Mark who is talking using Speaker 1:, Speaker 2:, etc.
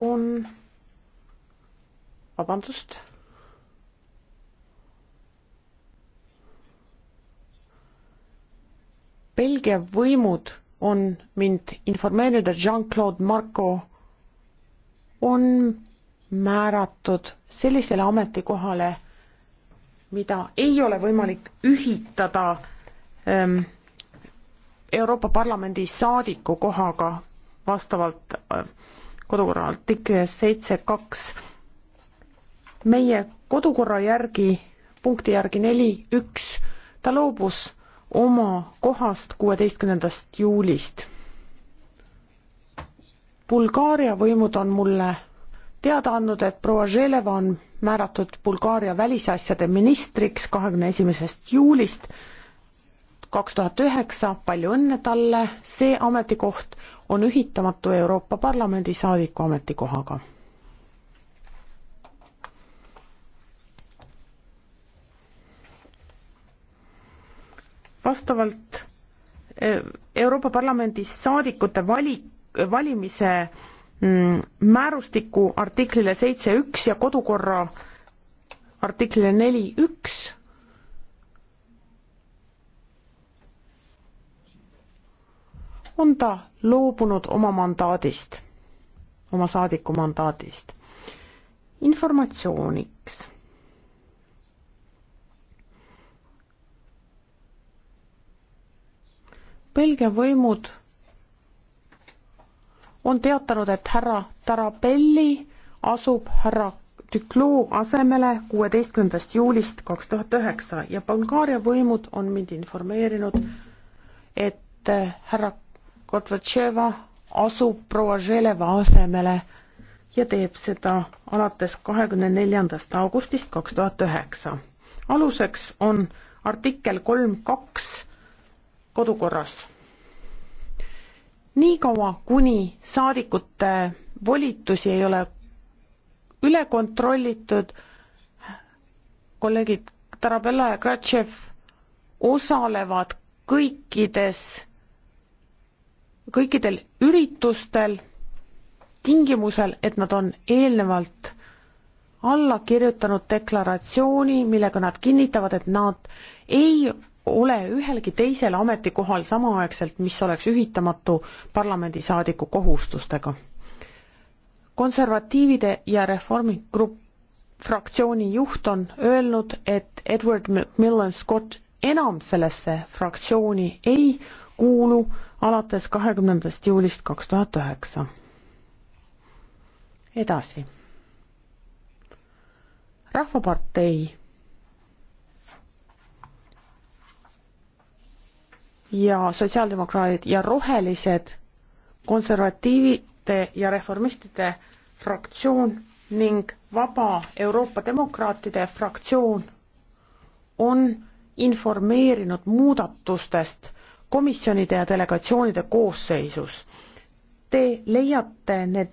Speaker 1: on, vabandust. Belgia võimud on mind informeerinud, et Jean-Claude Marco on määratud sellisele ametikohale, mida ei ole võimalik ühitada ähm, Euroopa Parlamendi saadiku kohaga vastavalt äh, kodukorra artiklis seitse kaks. meie kodukorra järgi, punkti järgi neli üks, ta loobus oma kohast kuueteistkümnendast juulist. Bulgaaria võimud on mulle teada andnud, et proua Želeva on määratud Bulgaaria välisasjade ministriks kahekümne esimesest juulist kaks tuhat üheksa, palju õnne talle, see ametikoht on ühitamatu Euroopa Parlamendi saadiku ametikohaga. vastavalt eh, Euroopa Parlamendis saadikute vali, valimise mm, määrustiku artiklile seitse üks ja kodukorra artiklile neli üks on ta loobunud oma mandaadist, oma saadiku mandaadist. informatsiooniks. Belgia võimud on teatanud, et härra Tarabelli asub härra Tükloo asemele kuueteistkümnendast juulist kaks tuhat üheksa ja Bulgaaria võimud on mind informeerinud, et härra Gorbatševa asub proua Želeva asemele ja teeb seda alates kahekümne neljandast augustist kaks tuhat üheksa. aluseks on artikkel kolm kaks kodukorras. niikaua, kuni saadikute volitusi ei ole üle kontrollitud, kolleegid Tarabella ja Kratšev osalevad kõikides kõikidel üritustel tingimusel, et nad on eelnevalt alla kirjutanud deklaratsiooni, millega nad kinnitavad, et nad ei ole ühelgi teisel ametikohal samaaegselt, mis oleks ühitamatu parlamendisaadiku kohustustega. konservatiivide ja reformigrupp fraktsiooni juht on öelnud, et Edward Millen Scott enam sellesse fraktsiooni ei kuulu alates kahekümnendast juulist kaks tuhat üheksa. edasi. rahvapartei ja sotsiaaldemokraadid ja rohelised, konservatiivide ja reformistide fraktsioon ning Vaba Euroopa Demokraatide fraktsioon on informeerinud muudatustest komisjonide ja delegatsioonide koosseisus. Te leiate need